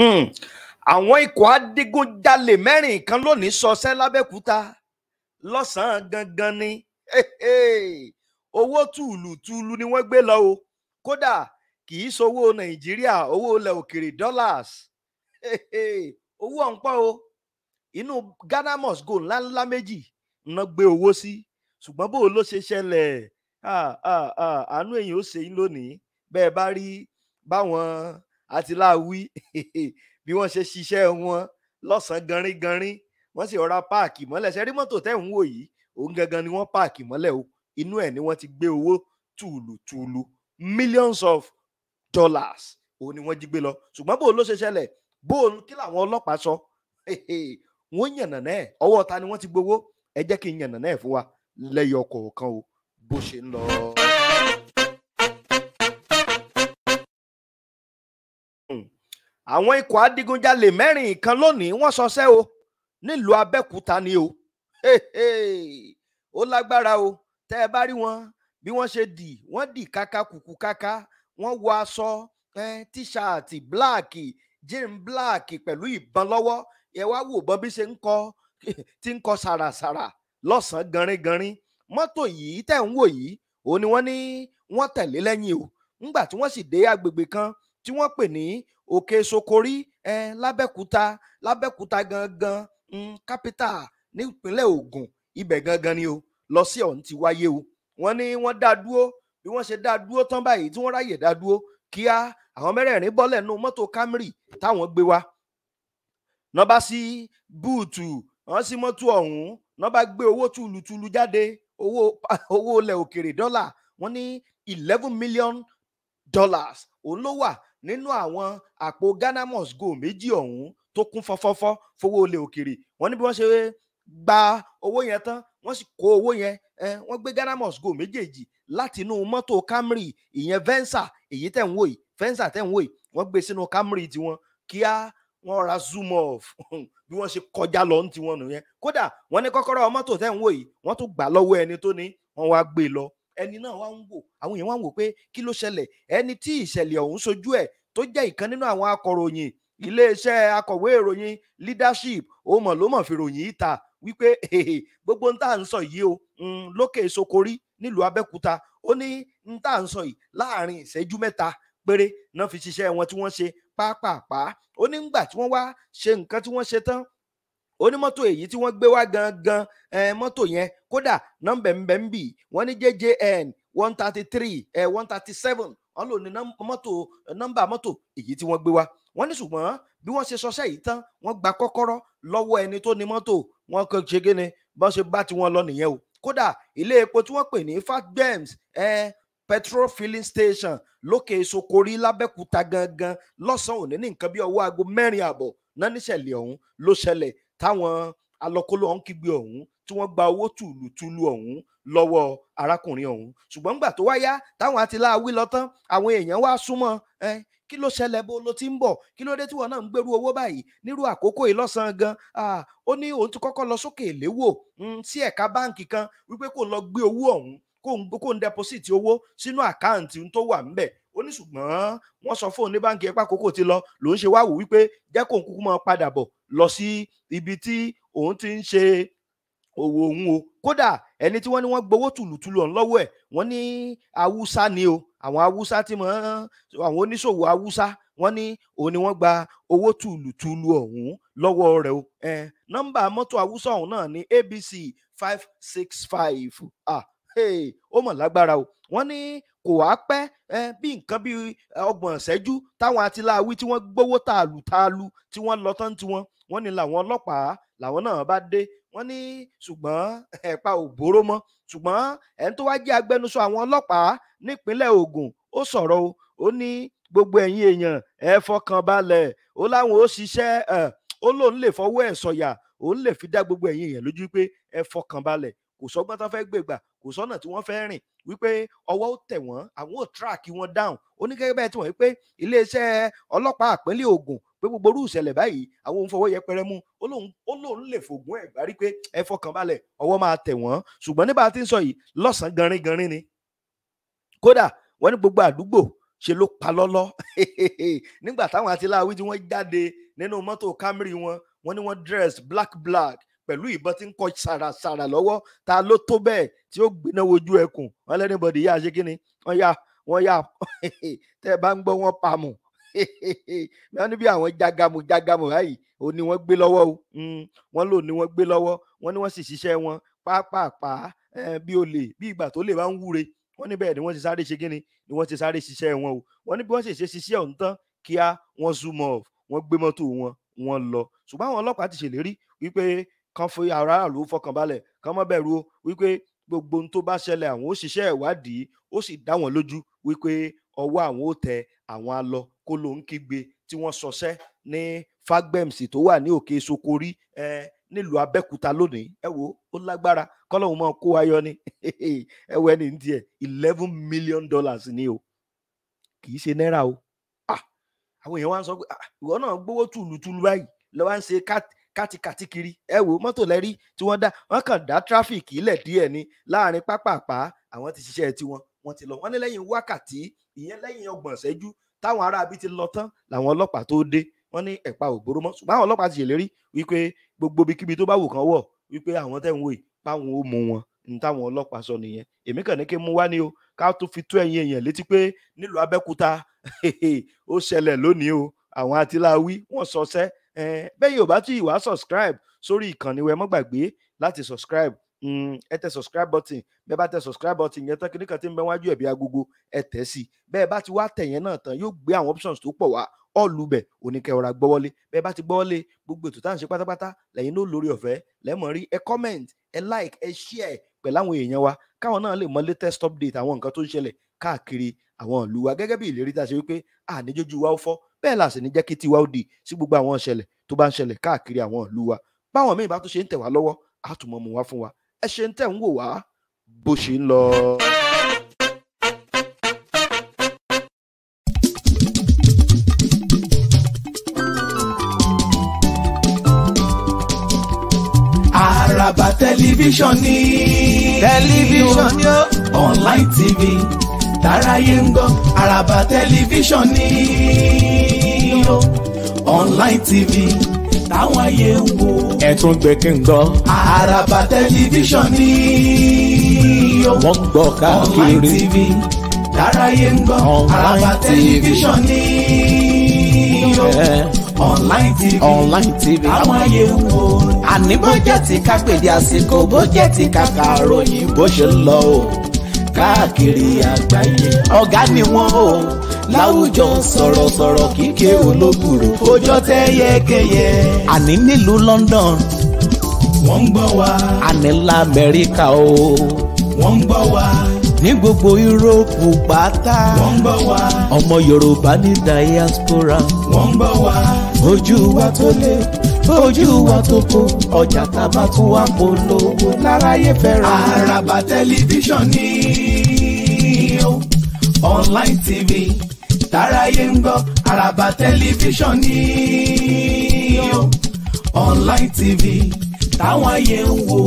Hmm. àwọn ikọ̀ adigunjalè mẹ́rin kan lónìí sọsẹ́ lábẹ́kúta lọ́sàn-án gangan ni owó tùlùtùlù ni wọ́n gbé lọ o kódà kì í sowó nàìjíríà owó ilẹ̀ òkèrè dollars owó ọ̀npọ̀ o inú ghana must go ńláńlá méjì ná gbé owó sí ṣùgbọ́n bó ló ṣe ṣẹlẹ̀ ah, ah, ah. àánú èyàn ó ṣe yín lónìí bẹ́ẹ̀ bá rí báwọn àti láwí bí wọ́n ṣe ṣiṣẹ́ wọn lọ́sàn-án ganrin-ganrin wọ́n sì rọra páàkì mọ́lẹ̀ ṣe rí mọ́tò tẹ́ ń wò yìí òun gangan ni wọ́n páàkì mọ́lẹ̀ o inú ẹ̀ ni wọ́n ti gbé owó tùlùtùlù millions of dollars òun ni wọ́n jí gbé lọ ṣùgbọ́n bó ló ṣe ṣẹlẹ̀ bó kí làwọn ọlọ́pàá sọ wọ́n yànnà náà ọwọ́ ta ni wọ́n ti gbowó ẹ jẹ́ kí n yànnà náà fún wa lẹ́yọ kọ̀ọ̀kan o bó ṣe ń lọ. àwọn ikọ̀ adigunjalè mẹ́rin kan lónìí wọ́n sọsẹ́ o nílùú Abẹ́òkúta ni o ó lágbára o tẹ́ ẹ bá rí wọn bí wọ́n ṣe dì wọ́n dì kaka kùkù kaka wọ́n wọ aṣọ tíṣààtì bíláàkì jean bíláàkì pẹ̀lú ìbọn lọ́wọ́ ẹ wá wò bọ́n bí ṣe ń kọ tí ń kọ sàràsàrà lọ́sàn-án ganringanrin mọ́tò yìí tẹ̀ ń wò yìí òun ni wọ́n ní wọ́n tẹ̀lé lẹ́yìn o ńgbà tí wọ́n sì dé agbègbè kan tí wọ́n pè ní òkè sokori eh, lábẹ́kúta lábẹ́kúta gangan mm, kápítà nípínlẹ̀ Ògùn ibẹ̀ gangan ni o lọ sí ọ̀hún ti wáyé o wọ́n ní wọ́n dá dúró bí wọ́n ṣe dá dúró tán báyìí tí wọ́n ráyè dá dúró kíá àwọn mẹ́rẹ̀ẹ̀rin bọ́lẹ̀ nù mọ́tò Camry táwọn gbé wá nọ́ba sí búùtù wọ́n sí mọ́tò ọ̀hún nọ́ba gbé owó tùlùtùlù jáde owó owó ilẹ̀ òkèrè dọ́là wọ́n ní eleven million dollars òun ló wà nínú àwọn àpò Ghana must go méjì ọ̀hún tó kún fọ́fọ́fọ́ fowó olè òkèrè wọ́n ní bí wọ́n ṣe gba owó yẹn tán wọ́n sì kó owó yẹn wọ́n gbé Ghana go méjèèjì láti mọ́tò Camry ìyẹn Venza èyí tẹ̀ ń wò yìí Venza tẹ̀ ń wò yìí wọ́n gbé sínú Camry tiwọn kíá wọ́n ra zoom off bí wọ́n ṣe kọjá lọ ní tiwọn nìyẹn kódà wọ́n ní kọ́kọ́rọ́ mọ́tò tẹ̀ ń wò yìí wọ́n tún gbà lọ́wọ́ ẹni tó ní wọ́n wá gbé lọ ẹni náà wá ń wò àwọn èèyàn wá ń wò pé kí ló ṣẹlẹ̀ ẹni tí ìṣẹ̀lẹ̀ ọ̀hún ṣojú ẹ̀ tó jẹ́ ìkan nínú àwọn akọ̀ròyìn iléeṣẹ́ akọ̀wé ìròyìn leadership ó mọ̀ ló mọ̀ fi ròyìn ìta wípé gbogbo ń tà sọ yìí o lókè sokori nílùú Abẹ́òkúta ó ní ń tà ń sọ yìí láàrin ìṣẹ́jú mẹ́ta péré náà fi ṣiṣẹ́ wọn tí wọ́n ṣe pápápá ó ní ńgbà tí wọ́n wá ṣe nǹkan tí wọ́n ṣe tán onímọ́tò èyí tí wọ́n gbé wá gangan mọ́tò yẹn kódà nọ́mbẹ̀ ń bẹ ń bì wọ́n ní JJN one thirty three eh one thirty seven wọ́n lò ní mọ́tò nọ́mbà mọ́tò èyí tí wọ́n gbé wá wọ́n ní ṣùgbọ́n bí wọ́n ṣe sọṣẹ́ yìí tán wọ́n gba kọ́kọ́rọ́ lọ́wọ́ ẹni tó ní mọ́tò wọ́n kàn ṣe gíní bọ́n ṣe bá tiwọn lọ nìyẹn o kódà ilé epo tí wọ́n pè ní fatbems petrol filling station lókè sokori lábẹ́kúta gangan lọ́sàn-án òní ní nǹkan bí ọwọ́ aago mẹ́rin àbọ̀ náà níṣẹ̀lẹ̀ ọ̀hún ló ṣẹlẹ̀ táwọn alọkóló ọ̀hún kígbe ọ̀hún tí wọ́n gba owó tùlùtùlù ọ̀hún lọ́wọ́ arákùnrin ọ̀hún ṣùgbọ́n nígbà tó wáyá táwọn àti láàwí lọ tán àwọn èèyàn wá súnmọ́ ẹ kí ló ṣẹlẹ̀ bó ló ti ń bọ̀ kí ló dé tí wọn náà ń gbèrú owó báyìí nírú àkókò yìí lọ́sàn-án gan ó ní òun ti kọ́kọ́ lọ sókè léwò hmm, sí ẹ̀ka báǹkì kan wípé kò lọ gbé owó ọ̀hún kó ń kó ń deposit owó sínú àkáǹtì tó wà ńbẹ̀ ó ní ṣùgbọ́n wọ́n sọ fóun ní báǹkì ẹ̀pá àkókò ti lọ lòún ṣe wá wípé jẹ́ kó ń kúkú mọ́ padà bọ̀ lọ sí ibi tí òun ti ń ṣe òwò òun o kódà ẹni tí wọ́n ní wọ́n gbowó tùlùtùlù ọ̀hún lọ́wọ́ ẹ̀ wọ́n ní haúsá ni o àwọn haúsá tí mọ̀ àwọn oníṣòwò haúsá wọ́n ní òun ni wọ́n gba owó tùlùtùlù ọ̀hún lọ́wọ́ rẹ̀ o ẹ̀ nọ́mbà mọ́tò haúsá ọ̀hún náà ní abc five six five ah hey ó mọ̀ lágbára o wọ́n ní kò wá pẹ́ bí nǹkan bí ọgbọ̀n ìṣẹ́jú táwọn atiláwí tí wọ́n gbowó tààlù tààlù tí wọ́n lọ tán tiwọn wọ́n ní làwọn ọlọ́pàá làwọn náà bá dé wọ́n ní ṣùgbọ́n ẹ̀pa ò bóró mọ́ ṣùgbọ́n ẹni tó wá jẹ́ agbẹnusọ àwọn ọlọ́pàá nípínlẹ̀ Ògùn ó sọ̀rọ̀ o ó ní gbogbo ẹ̀yin èèyàn ẹ fọkàn balẹ̀ ó láwọn ó ṣiṣẹ́ ó lóun lè fọwọ́ ẹ̀ sọ̀yà òun lè fi dá gbogbo ẹ̀yin èèyàn lójú pé ẹ fọkàn balẹ̀ kò sọgbọ́n tán fẹ́ gbègbà kò sọ́nà tí wọ́n fẹ́ rìn wípé ọwọ́ ó tẹ̀ wọ́n àwọn ò track wọn down ó ní gẹ́gẹ́ bẹ́ẹ̀ tí wọ́n wípé iléeṣẹ́ ọlọ́pàá àpínlẹ̀ Ògùn pé gbogbo orú ìṣẹ̀lẹ̀ báyìí àwọn òun fọwọ́ yẹpẹrẹ mú ó lóun lè fògùn ẹ̀ gbárí pé ẹ fọkàn balẹ̀ ọwọ́ máa tẹ̀ wọ́n ṣùgbọ́n nígbà tí ń sọ yìí lọ́sàn-án ganrin ni kódà wọ́n ní gbogbo àdúgbò ṣe ló pa lọ́lọ́ nígbà táwọn àti láwí tí wọ́n jáde nínú mọ́tò Camry wọn wọ́n ní wọ́n dress black black pẹ̀lú ìbọn tí ń kọ ṣàràṣàrà lọ́wọ́ ta ló tó bẹ́ẹ̀ tí ó gbiná wojú ẹkùn wọn lẹ́nìbọ̀dì yá ṣe kíni wọn yá wọn yá tẹ́ ẹ bá ń gbọ́ wọn pamọ́ wọn ní bí àwọn jágàmù jágàmù báyìí ò ní wọ́n gbé lọ́wọ́ o hmm, wọ́n lò ní wọ́n gbé lọ́wọ́ wọ́n ní wọ́n sì ṣiṣẹ́ wọn pàápàá bí olè bí ìgbà tó lè bá ń wúre wọ́n ní bẹ́ẹ̀ ni wọ́n ti sáré ṣe kíni ni wọ́n ti sáré ṣiṣẹ́ wọn o wọ́n ní bí wọ́n sì ṣe ṣiṣẹ́ ọ̀hún tán kíá wọ́n zoom off wọ́n gbé mọ́tò wọn wọ́n lọ ṣùgbọ́n àwọn ọlọ́pàá ti ṣèlérí wípé kan fi aráàlú fọkànbalẹ̀ kan mọ́ bẹ̀rù o wípé gbogbo ohun tó bá ṣẹlẹ̀ àwọn ó ṣiṣẹ́ ìwádìí ó sì dá wọn lójú wípé ọwọ́ àwọn ó tẹ àwọn alọ kó ló ń kígbe tí wọ́n sọṣẹ́ ní fagbems tó wà ní òkè sokori ẹ nílùú abẹ́kúta lónìí ẹ wo ó lágbára kọ́lọ́hún máa kó ayọ̀ ni ẹ wọ ẹni díẹ̀ eleven million dollars ni o kì í ṣe náírà o ah! àwọn èèyàn wá ń sọ pé ah, ìwọ náà gbowó tùlùtùlù báyìí lọ́wọ́ ń ṣe kátikàti kiri ẹ wò mọ́tò lẹ́rí tí wọ́n dá wọ́n kàn dá tráfíìkì ilẹ̀ díẹ̀ ni láàrin pápápá àwọn ti ṣiṣẹ́ tiwọn wọ́n ti lọ wọ́n ní lẹ́yìn wákàtí ìyẹn lẹ́yìn ọgbọ̀n ṣẹ́jú táwọn ará abí ti lọ tán làwọn ọlọ́pàá tó dé wọ́n ní ẹ̀pà òbóró mọ́ ṣùgbọ́n àwọn ọlọ́pàá ti ṣèlérí wípé gbogbo ibikíbi tó bá wù kán wọ̀ wípé àwọn tẹ̀ ń wò yìí páwọn ó mú wọn ní táwọn ọlọ́pàá sọ nìyẹn èmi kàn ní kí n mú wá ní o ká tó fi tó ẹ̀yin èèyàn létí pé nílùú Abẹ́òkúta ó ṣẹlẹ̀ lónìí o àwọn atiláwí wọ́n sọṣẹ́ Eh, bẹ́ẹ̀ yóò bá tí ìwà subscribe sórí ìkànnì wẹ̀ mọ́ gbàgbé láti subscribe hmm, ẹ tẹ subscribe button bẹ́ẹ̀ bá tẹ subscribe button yẹn tán kí nìkan tí ń bẹ wájú ẹ̀bí agogo ẹ tẹ̀ sí bẹ́ẹ̀ bá ti wá tẹ̀ yẹn náà tán yóò gbé àwọn options tó pọ̀ wá ọ̀lù bẹ̀ oníkẹ́wọ́ra gbọ́wọ́lé bẹ́ẹ̀ bá ti gbọ́wọ́lé gbogbo ètò tá à ń ṣe pátápátá lẹ́yìn ló lórí ọ̀fẹ́ lẹ́mọ̀ rí ẹ comment ẹ like ẹ share pẹ̀lú àwọn èèyàn wa káwọn náà lè mọ latest update àwọn nǹkan tó ń ṣẹlẹ̀ káàkiri àwọn ìlú wa gẹ́gẹ́ bí ìlérí tá a ṣe wípé àníjójú wa ó fọ́ bẹ́ẹ̀ là sì ní jẹ́ kí tiwa ó di sí gbogbo àwọn ìṣẹ̀lẹ̀ tó bá ń ṣẹlẹ̀ káàkiri àwọn ìlú wa báwọn míì bá tún ṣe ń tẹ̀ wá lọ́wọ́ á tún mọ̀ mú wá fún wa ẹ ṣe ń tẹ̀ ń wò wá bó ṣe ń lọ. Àràbà tẹlifíṣàn ni tẹlifíṣàn ni ó online tv táráyé ń gbọ́ àràbà tẹlifíṣàn ni o online tv táwọn ayé ń wo. ẹ tún gbé kí n gbọ́. àràbà tẹlifíṣàn ni o. wọ́n gbọ́ káàkiri. online tv táráyé ń gbọ́ àràbà tẹlifíṣàn ni o. online tv online tv táwọn ayé ń wo. àní bó jẹ́ ti ká pèdé àsìkò bó jẹ́ ti ká kàròyìn bó ṣe lọ o káàkiri àgbáyé ọ̀gá ni wọ́n o láwùjọ sọ̀rọ̀sọ̀rọ̀ kíkẹ́ olóbùrò ọjọ́ tẹ́ yẹ́kẹ́yẹ. àní nílùú London wọ́n ń gbọ́ wa. àní la Amẹ́ríkà o wọ́n ń gbọ́ wa ní gbogbo yúróòpù pátá. wọ́n ń bọ̀ wá. ọmọ yorùbá ní diaspora. wọ́n ń bọ̀ wá. ojú wa tó lè tójú wa tó ọjà tábà tún wá polówó láráyé fẹ́ràn. àràbà tẹlifíṣàn ni ó online tv táráyé ń gbọ́ àràbà tẹlifíṣàn ni ó online tv táwọn ayé ń wò.